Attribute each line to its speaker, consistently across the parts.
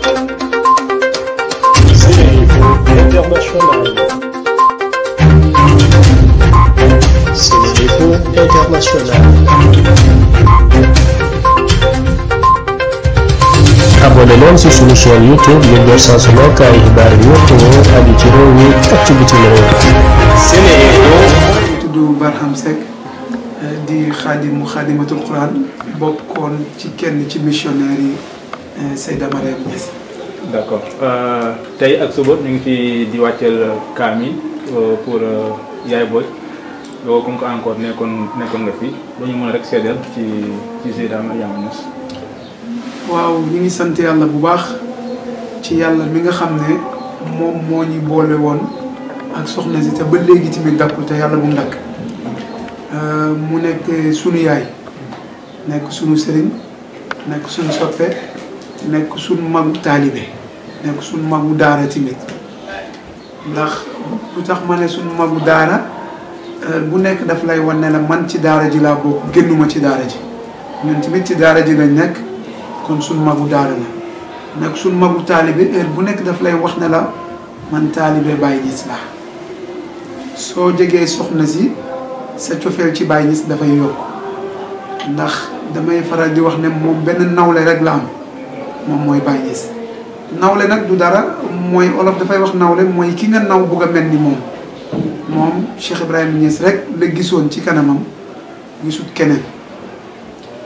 Speaker 1: International. C'est international. abonné sunu chaîne YouTube yi door saa su nekk ay xibaar yu ci réew mi ak ci bitim Euh, Seyda Mariam Niass. d' accord euh, tey ak suba ñu ngi fi di wàcceel kaamil euh, pour Yaye Boye loolu comme que encore nekkoon nekkoon nga fi dañu mën rek ci ci ñu ngi sant yàlla bu baax ci yàlla mi nga xam ne moom moo ñu boole woon ak soxna si te ba léegi tamit dàqul te yàlla bu mu mu nekk sunu yaay nekk sunu sëriñ nekk sunu soppe. nekk suñ magu taalibe nekk suñ magu daara tamit ndax lu tax ma ne suñ magu daara euh, bu nekk daf lay wan ne man ci daara ji laa bokk ci daara ji ñun tamit ci daara ji lañ nekk kon suñ magu daara la nag suñ magu taalibe heure bu nekk daf lay wax ne la man taalibe Baye Niass la soo jegee soxna si sa cofeel ci Baye Niass dafay yokk ndax damay faral di wax ne moom benn naw la rek la am moom mooy Baye nawle nag du dara mooy olof dafay wax nawle mooy ki nga naw bugg a mel ni moom moom Cheikh Ibrahima Niass rek la gisoon ci kanamam gisut keneen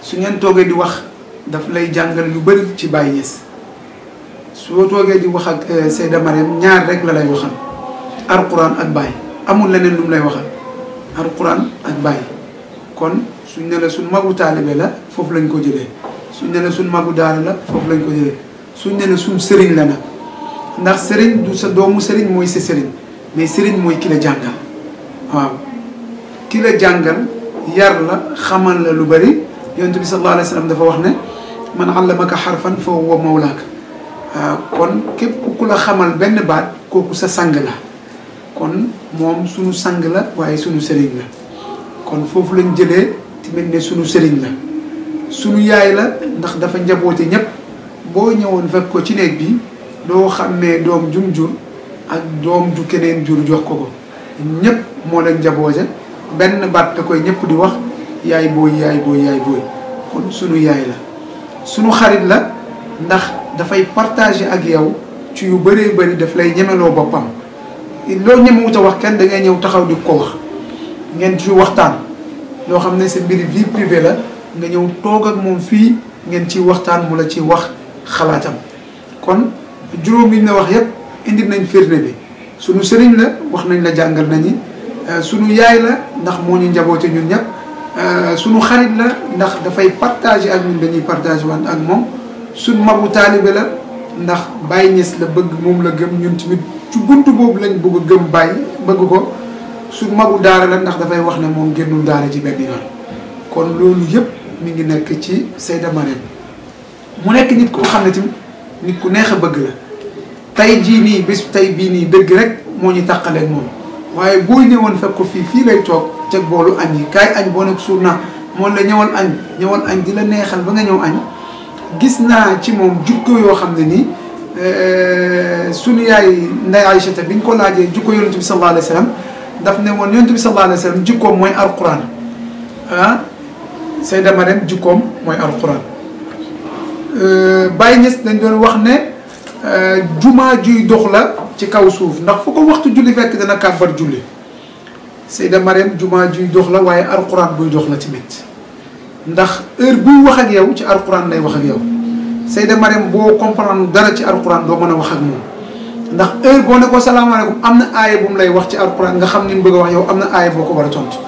Speaker 1: su ngeen toogee di wax daf lay jàngal yu bëri ci Baye soo toogee di wax ak eh, Seyda Mariam ñaar rek la lay waxal alquran ak Baye amul leneen lu mu lay waxal alquran ak Baye kon suñ ne la suñ magu taalibe la foofu lañ ko jëlee suñ ne la suñ magu daara la foofu lañ ko jëlee suñ ne la suñ sëriñ la nag ndax sëriñ du sa doomu sëriñ mooy sa sëriñ mais sëriñ mooy ki la jàngal waaw ki jàngal yar la xamal la lu bari yonent bi sallallahu alayhi dafa wax ne man allamaka xarfan fa huwa mawlaaka kon képp ku la benn baat kooku sa sang la kon moom sunu sang la waaye suñu sëriñ la kon foofu lañ jëlee tamit ne sunu sëriñ la sunu yaay la ndax dafa njaboote ñëpp boo ñëwoon fekk ko ci néeg bi doo xam ne doom jum jur ak doom ju keneen jur jox ko ko ñëpp moo leen njaboote benn baat da koy di wax yaay booy yaay booy yaay booy kon suñu yaay la sunu xarit la ndax dafay partage ak yow ci yu bëree bëri daf lay ñemeloo boppam loo ñemewut a wax kenn da ngay ñëw taxaw di ko wax ngeen ci waxtaan loo xam ne sa mbiri vie privée la nga ñëw toog ak moom fii ngeen ci waxtaan mu la ci wax xalaatam kon juróom yi ñu wax yépp indi nañ firnde bi sunu sëriñ la wax nañ la jàngal nañi euh, sunu yaay la ndax moo ñu njaboote ñun ñëpp euh, sunu xarit la ndax dafay partage ak ñun dañuy partage waan ak moom sunu magu taalibe la ndax Baye Niass la bëgg moom la gëm ñun tamit ci buntu boobu lañ bëgg a gëm Baye bëgg ko sunu magu daara la ndax dafay wax ne moom génnul daara ci benn yoon kon loolu yëpp. mi ngi nekk ci Seyda Mariam mu nekk nit koo xam ne tamit nit ku neex a bëgg la tey jii nii bés tey bii nii dëgg rek moo ñu tàqaleeg moom waaye boo ñëwoon fekk ko fii fii lay toog ca boolu añ yi kaay añ boo nekk suur naa moom la ñëwal añ ñëwal añ di la neexal ba nga ñëw añ gis naa ci moom jukko yoo xam ne nii eh, sunu yaay Ndeye Aïchata bi ñu ko laajee jukko yonent bi sallallahu alayhi wa sallam daf ne woon yonent bi sallallahu alayhi wa sallam jukkoom mooy alquran ah Seyda Mariam jikkoom mooy alquran euh, Baye Niass dañ doon wax ne euh, jumaa juy dox la ci kaw suuf ndax foo ko waxtu julli fekk dana kàbbar julli Seyda Mariam jumaa juy dox la waaye alquran buy dox la tamit ndax heure buy wax ak yow ci alquran lay wax ak yow Seyda Mariam boo comprendre dara ci alquran doo mën a wax ak moom ndax heure boo ne ko salaamaaleykum am na aaya bu lay wax ci alquran nga xam ni mu bëgg a wax yow am na aaya boo ko war a tontu.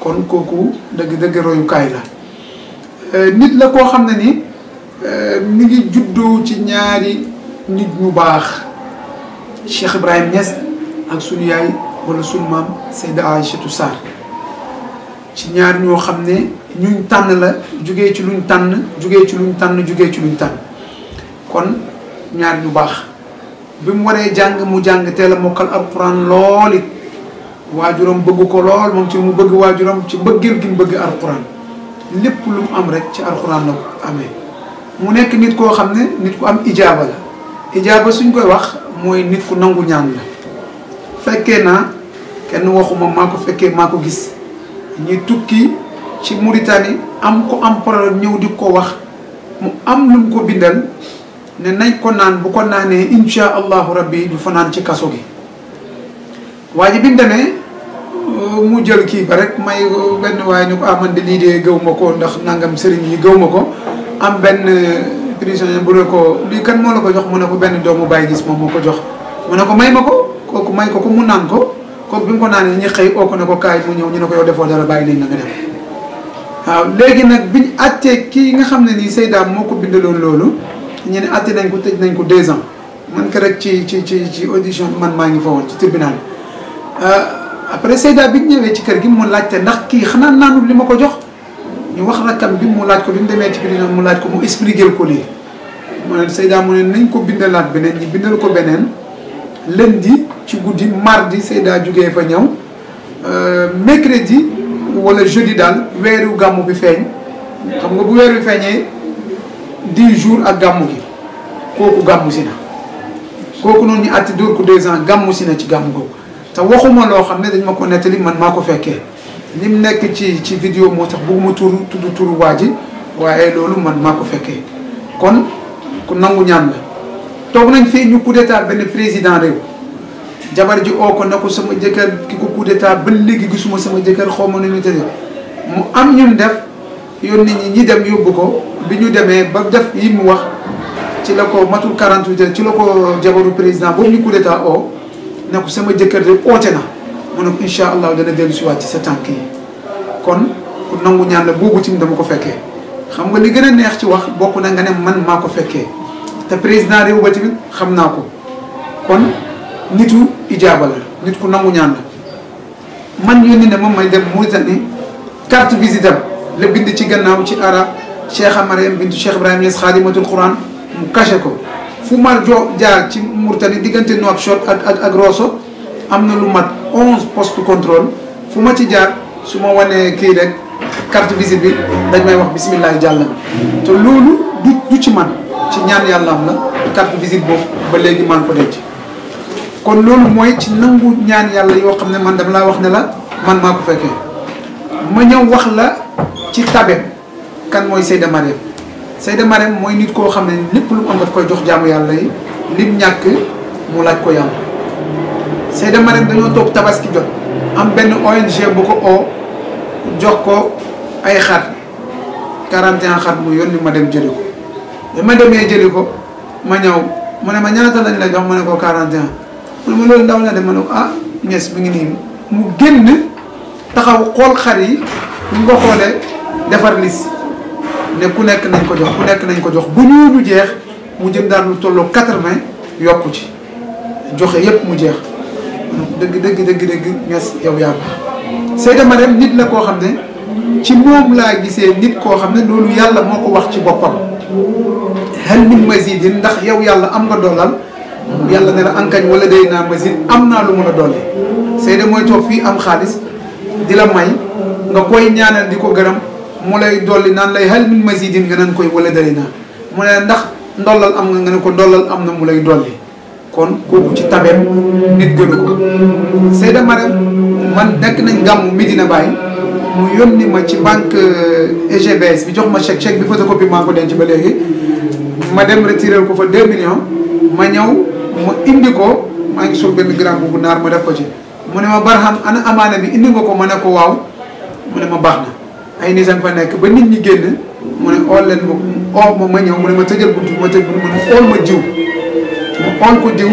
Speaker 1: kon kooku dëgg-dëgg royukaay la euh, nit la koo xam ne ni euh, mu ngi juddoo ci ñaari nit ñu baax Cheikh Ibrahim Niass ak sunu yaay wala sunu maam Seyda Aïchatou Sarr ci ñaar ñoo xam ne ñuñ tànn la jugee ci luñ tànn jugee ci luñ tànn jugee ci luñ kon ñaar ñu baax bi mu waree jàng mu jàng teel a mokkal alquran lool it waajuram bëgg ko lool moom ci mu bëgg waajuram ci mbëggeel gi mu bëgg alxuraan lépp lu mu am rek ci alxuraan la ko amee mu nekk nit koo xam ne nit ku am ijaaba la ijaaba suñ koy wax mooy nit ku nangu ñaan la fekkee naa kenn waxuma maa ko fekkee maa ko gis ñuy tukki ci Mauritanie am ko am problème ñëw di ko wax mu am lu mu ko bindal ne nañ ko naan bu ko naanee insha allahu rabbi du fanaan ci kaso gi waa bi mu mu jël kii ba rek may benn waaye ñu ko amandi ah, lii de gëw ma ko ndax nangam sëriñ yi gëw ma ko am benn euh, prisonnier bu ne ko lii kan moo la ko jox mu ne ko benn doomu bàyyi gis moom moo ko jox mu ne ko may ma ko kooku may ko ko mu naan ko kooku bi mu ko yi ñu xëy oo ko ne ko kaay mu ñëw ñu ne ko yow defoo dara bàyyi nañ la nga dem waaw léegi nag biñ àttee kii nga xam ne nii Seyda moo ko bindaloon loolu ñu ne àtte nañ ko tëj nañ ko deux ans man ko rek ci ci ci ci audition bi man maa ngi fa woon ci après Seyda bi ñu ñëwee ci kër gi mu laajte ndax kii xanaa naanul li ma ko jox ñu wax rakkam bi mu laaj ko bi mu demee ci biir mu laaj ko mu expliqué ko lii. mu ne Seyda mu ne nañ ko bindalaat beneen ñi bindal ko beneen lundi ci guddi mardi Seyda jugee fa ñëw euh, mercredi wala jeudi daal weeru gàmmu bi feeñ xam nga bu weer feeñee dix jours ak gàmmu gi kooku gàmmu si na kooku noonu ñu àtti dóor ko deux gàmmu si na ci gàmmu googu. te waxuma loo xam ne dañ ma ko nettali man maa ko fekkee lim nekk ci ci vidéo moo tax bëgguma tur tudd turu waa ji waaye loolu man maa ko fekkee kon ku nangu ñaan la toog nañ fee ñu coup d'état benn président réew jabar ji o ko na ko sama jëkkër ki ko coup d'état ba léegi gisuma sama jëkkër xaw ma nu ñu tëddee mu am ñun def yónni ñi ñi dem yóbbu ko bi ñu demee ba def yi mu wax ci la ko matul 48 ci la ko jabaru président boobu ñu coup d'état ne sama jëkkër de oote na mu ne ko incha allah dana dellu si ci sa tànk yi kon ku nangu ñaan la boobu tim dama ko fekkee xam nga li gën a neex ci wax bokk na nga ne man maa ko fekkee te président réew ba tamit xam naa ko kon nitu ijaaba la nit ku nangu ñaan la man yónni ne moom may dem Mauritanie carte visite am la bind ci gannaaw ci arab Cheikh Mariam bintu Cheikh Ibrahima Niass xaadimatul Quran mu caché ko fu ma jo jaar ci Mauritanie diggante Nouakchott ak ak ak Rosso am na lu mat onze poste contrôle fu ma ci jaar su ma wanee kii rek carte visite bi dañ may wax bisimilah jàll te loolu du du ci man ci ñaan yàlla am la carte visite boobu ba léegi maa ngi ko denc kon loolu mooy ci nangu ñaan yàlla yoo xam ne man dama laa wax ne la man maa ko fekkee ma ñëw wax la ci tabe kan mooy Seyda Mariam Seyda Marème mooy nit koo xam ne lépp lu mu am daf koy jox jaamu yàlla yi lim ñàkk mu laaj ko yàlla Seyda Marème dañoo toog tabaski jot am benn ONG bu ko oo jox ko ay xar 41 xar mu yónni ma dem jëli ko bi ma demee jëli ko ma ñëw mu ne ma ñaata lañ la jox ma ne ko 41 mu ne ma loolu ndaw la de ma ne ko ah ñes bi ngi nii mu génn taxaw xool xar yi ñu ko xoolee defar lis ne ku nekk nañ ko jox ku nekk nañ ko jox bu ñu jeex mu jëm daan lu tolloo quatre-vingts yokku ci joxe yépp mu jeex dëgg dëgg dëgg dëgg ñes yow yaa baax Seyda Mariam nit la koo xam ne ci moom laa gisee nit koo xam ne loolu yàlla moo ko wax ci boppam hal min mazidin ndax yow yàlla am nga doolal yàlla ne la ankañ wala day naa mazid am naa lu mën a dolli Seyda mooy toog fii am xaalis di la may nga koy ñaanal di ko gërëm mu lay dolli naan lay hal ma mazidin nga naan koy wala dali naa mu ne ndax ndollal am nga nga ne ko ndollal am na mu lay dolli kon kooku ci tabeem nit gënu ko Seyda Mariam man nekk nañ gàmmu Medina Baye mu yónni ma ci banque EGBS euh, e bi jox ma chèque chèque bi photocopie maa ko denc ba léegi ma dem retirer ko fa 2 millions ma ñëw ma indi ko maa ngi sol benn grand boobu naar ma def ko ci mu ne ma Barham ana amaana bi indi nga ko ma ne ko waaw mu ne ma baax na ay nisan fa nekk ba nit ñi génn mu ne ool leen ma oo ma ma ñëw mu ne ma tëjal buntu ma tëj buntu ma ne ool ma jiw ma ool ko jiw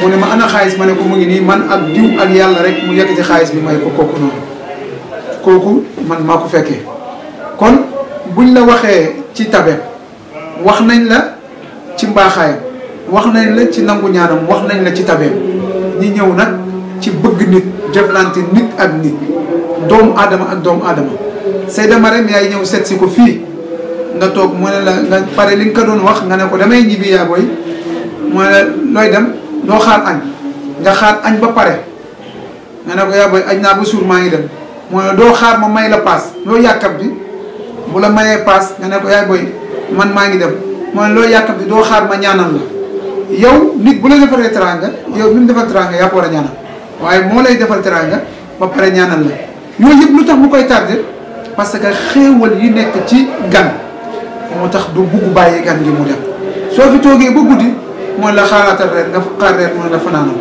Speaker 1: mu ne ma ana xaalis ma ne ko mu ngi nii man ak jiw ak yàlla rek mu yekk ci xaalis bi may ko kooku noonu kooku man maa ko fekkee kon buñ la waxee ci tabeem wax nañ la ci mbaaxaayam wax nañ la ci nangu ñaanam wax nañ la ci tabeem ñi ñëw nag ci bëgg nit jëflante nit ak nit doomu aadama ak doomu aadama Seyda Marème yaay ñëw seet si ko fii nga toog moo ne la nga pare li nga ko doon wax nga ne ko damay ñibbi yaa booy mu ne looy dem doo xaar añ nga añ ba pare nga ne ko yaa booy añ maa ngi dem mu doo xaar ma may la paas loo yàkkab bi bu la mayee paas nga ne ko yaa booy man maa ngi dem moo ne loo yàkkab bi doo xaar ma ñaanal la yow nit bu la defalee teranga yow mi mu defal teranga yaa war a ñaanal waaye moo lay defal teranga ba pare ñaanal la yooyu yëpp lu tax mu koy tardé parce que xéewal yi nekk ci gan moo tax du bugg bàyyee gan gi mu dem soo fi toogee ba guddi mooy la xaaraatal reer nga xaar reer mooy la fanaanam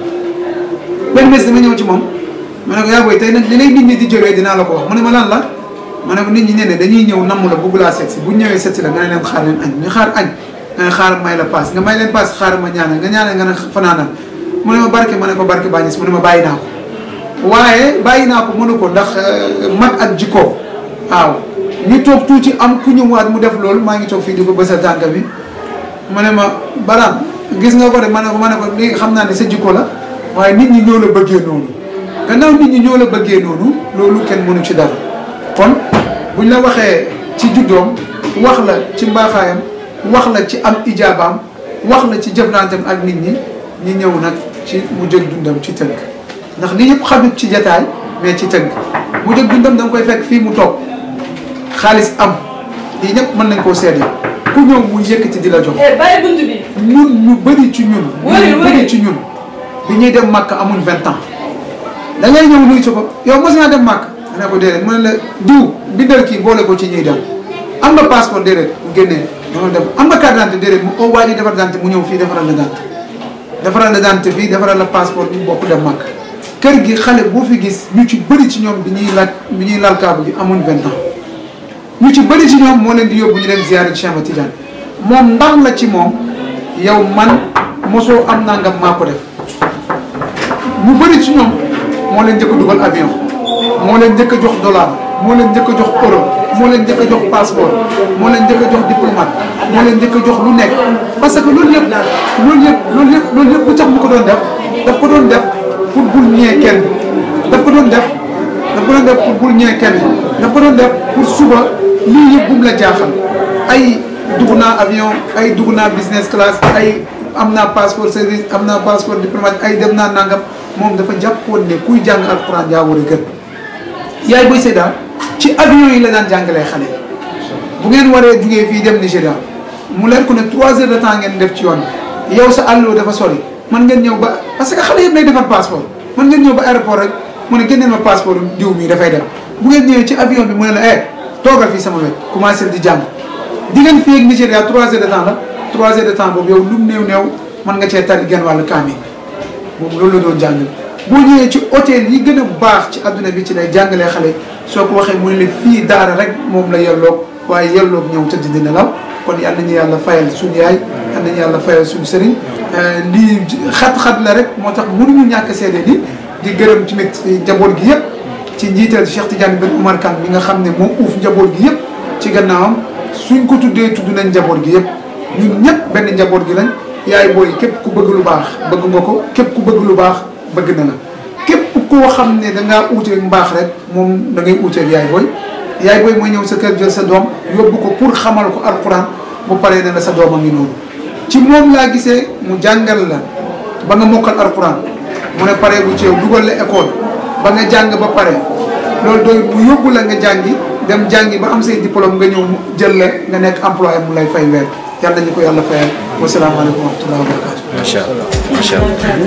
Speaker 1: ñëw ci moom ma ne ko nit ñi di jëlee dinaa la ko wax mu ma lan la ma ñi nee ne dañuy ñëw namm la bugg laa seet bu ñëwee seet si la nga ne leen xaar leen añ ñu leen paas xaar ma ñaanal nga ñaanal nga ne fanaanal mu ne ma barke ma ne ko barke bàññis mu ne ma bàyyi naa ko waaye bàyyi naa ko mënu ko ndax eh, mat ak jikkoo waaw ñu toog tuuti am ku ñëwaat mu def loolu maa ngi toog fii di ko bësal tànk bi mu ne ma baraan gis nga ko de ma ne ko ma ne ko léegi xam naa ne sa jikko la waaye nit ñi ñoo la bëggee noonu gannaaw nit ñi ñoo la bëggee noonu loolu kenn mënu ci dara kon buñ la waxee ci juddoom wax la ci mbaaxaayam wax la ci am ijaabaam wax la ci jëflanteem ak nit ñi ñi ñëw nag ci mu jël dundam ci tënk ndax li yëpp xamit ci jataay mais ci tënk mu jël dundam da koy fekk fii mu toog xaalis am yi ñëpp mën nañ koo seede ku ñëw mu yëkkati di la jox. Eh, bàyyi bunt bi. ñun ñu bëri ci ñun. ñu bëri ci ñun. bi ñuy dem makk amuñ vingt ans. da ngay ñëw nuyu ci ko yow mos naa dem màkk. ma ne ko déedéet mu ne la diw bindal kii boole koo ci ñuy dem. am na passeport déedéet mu génnee dama dem am nga carte d'identité déedéet mu oo waa ji defar d'identité mu ñëw fii defaral la d'identité. defaral la d'identité fii defaral la passeport ñu bokk dem màkk. kër gi xale boo fi gis ñu ci bëri ci ñoom bi ñuy laaj bi ñuy laal kaabu gi amuñ vingt ñu ci bëri ci ñoom moo leen di yóbbu ñu dem ziyaare Cheikh Ahmad Tidiane moom ndam la ci moom yow man mosoo am nangam maa ko def ñu bëri ci ñoom moo leen njëkk a dugal avion moo leen njëkk jox dollar moo leen njëkk jox euro moo leen njëkk a jox passeport moo leen njëkk a jox diplomate moo leen njëkk jox lu nekk parce que loolu yëpp loolu yëpp loolu yëpp lu tax mu ko doon def daf ko doon def pour bul ñee kenn daf ko doon def ko doon pour bul ñëwee kenn daf ko pour suba lii yëpp bum la jaaxal ay dugg naa avion ay dugg naa business class am naa passeport service am naa passeport diplomate ay dem naa nangam moom dafa jàppoon ne kuy jàng alxuraan yaa war a gën yaay booy Seyda ci avion yi la daan jàngalee xale bu ngeen waree jugee fii dem Nigéria mu leer ko ne trois heures de temps ngeen def ci yoon yow sa àlloo dafa sori mën ngeen ñëw ba parce que xale yëpp lay defar passeport mën ngeen ñëw ba aéroport rek mu ne génneel ma passeport diw mii dafay dem bu ngeen ñëwee ci avion bi mu ne la eh toogal fii sama wet commencé di jàng diggante fii ak Nigéria trois heures de temps la trois heures de temps boobu yow lu mu néew néew mën nga cee tari genn wàllu kaamil boobu loolu la doon jàngal boo ñëwee ci hôtel yi gën a baax ci àdduna bi ci lay jàngalee xale soo ko waxee mu ne la fii daara rek moom la yelloog waaye yelloog ñëw tëdd dina law kon yal nañu yàlla fayal suñu yaay yal nañu yàlla fayal suñu sëriñ euh, lii xat-xat la rek moo tax mënuñu ñàkk seede ni di gërëm ci tamit njaboot gi yëpp ci njiital Cheikh Tidiane Ben Oumar Kane bi nga xam ne moo uuf njaboot gi yëpp ci gannaawam suñ ko tuddee tudd nañ njaboot gi yëpp ñun ñëpp benn njaboot gi lañ yaay booy képp ku bëgg lu baax bëgg nga ko képp ku bëgg lu baax bëgg na la képp koo xam ne dangaa uuteeg baax rek moom da ngay uuteeg yaay booy yaay booy mooy ñëw sa kër jël sa doom yóbbu ko pour xamal ko alquran bu paree ne la sa doom a ngi noonu ci moom laa gisee mu jàngal la ba nga mokkal alquran mu ne paree bu ci yow dugal la école ba nga jàng ba pare loolu doy bu yóbbu la nga jàngi dem jàngi ba am say diplôme nga ñëw jël la nga nekk employé mu lay fay weer yal nañu ko yàlla fayal wasalaamaaleykum wa rahmatulah wa barakatu. macha allah macha allah.